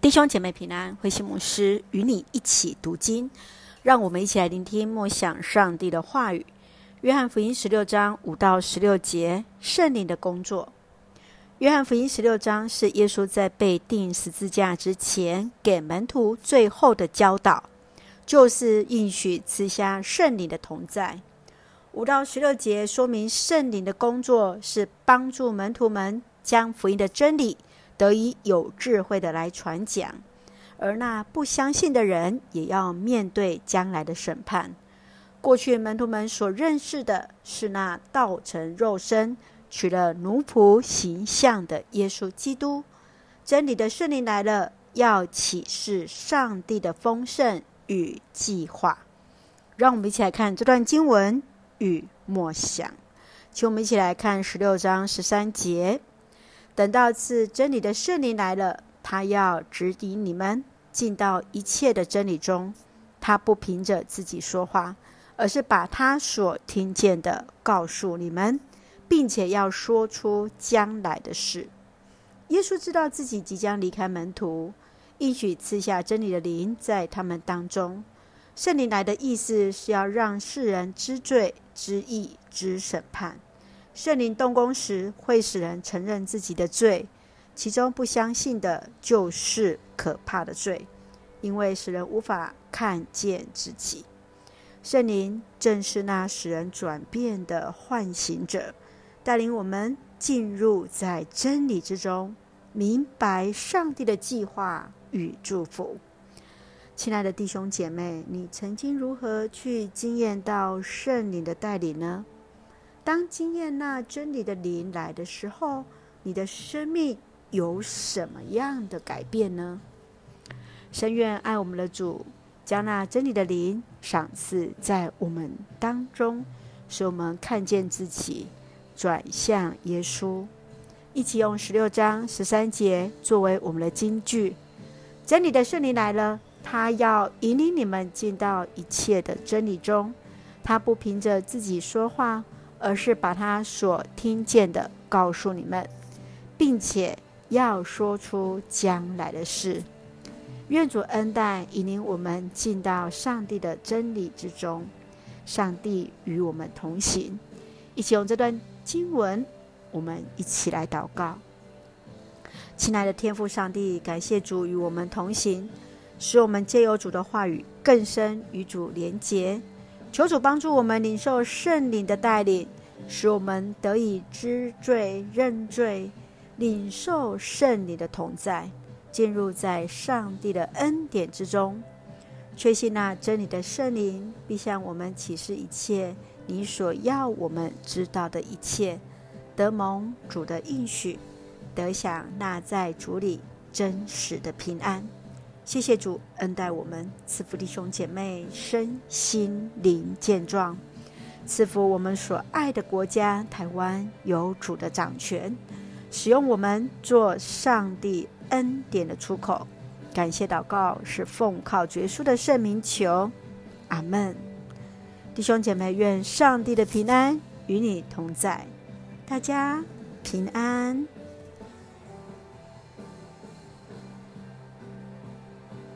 弟兄姐妹平安，慧馨牧師與你一起讀經，讓我們一起來聆聽默想上帝的話語。約翰福音十六章五到十六節，聖靈的工作。約翰福音十六章是耶穌在被釘十字架之前給門徒最後的教導，就是應許賜下聖靈的同在。五到十六節說明聖靈的工作是幫助門徒們將福音的真理。得以有智慧的來傳講，而那不相信的人也要面對將來的審判。過去門徒們所認識的是那道成肉身、取了奴僕形象的耶穌基督。真理的聖靈來了，要啟示上帝的豐盛與計劃。讓我們一起來看這段經文與默想，請我們一起來看十六章十三節。等到賜真理的聖靈來了，他要指引你們進到一切的真理中。他不憑着自己說話，而是把他所聽見的告訴你們，並且要說出將來的事。耶穌知道自己即將離開門徒，應許賜下真理的靈在他們當中。聖靈來的意思是要讓世人知罪、知義、知審判。聖靈動工時，會使人承認自己的罪，其中不相信的就是可怕的罪，因為使人無法看見自己。聖靈正是那使人轉變的喚醒者，帶領我們進入在真理之中，明白上帝的計劃與祝福。親愛的弟兄姐妹，你曾經如何去經驗到聖靈的帶領呢？當經驗那真理的靈來的時候，你的生命有什麼樣的改變呢？深願愛我們的主將那真理的靈賞賜在我們當中，使我們看見自己轉向耶穌，一起用十六章十三節作為我們的金句。真理的聖靈來了，他要引領你們進到一切的真理中，他不憑着自己說話。而是把他所聽見的告訴你們，並且要說出將來的事。願主恩待引領我們進到上帝的真理之中。上帝與我們同行。一起用這段經文，我們一起來禱告。親愛的天父上帝，感謝主與我們同行，使我們藉由主的話語更深與主連結。求主幫助我們領受聖靈的帶領，使我們得以知罪、認罪，領受聖靈的同在，進入在上帝的恩典之中，確信那真理的聖靈必向我們啟示一切你所要我們知道的一切，得蒙主的應許，得享那在主裡真實的平安。謝謝主恩待我們，賜福弟兄姐妹身心靈健壯，賜福我們所愛的國家台灣有主的掌權，使用我們做上帝恩典的出口。感謝禱告是奉靠耶穌基督的聖名求，阿門。弟兄姐妹，願上帝的平安與你同在，大家平安。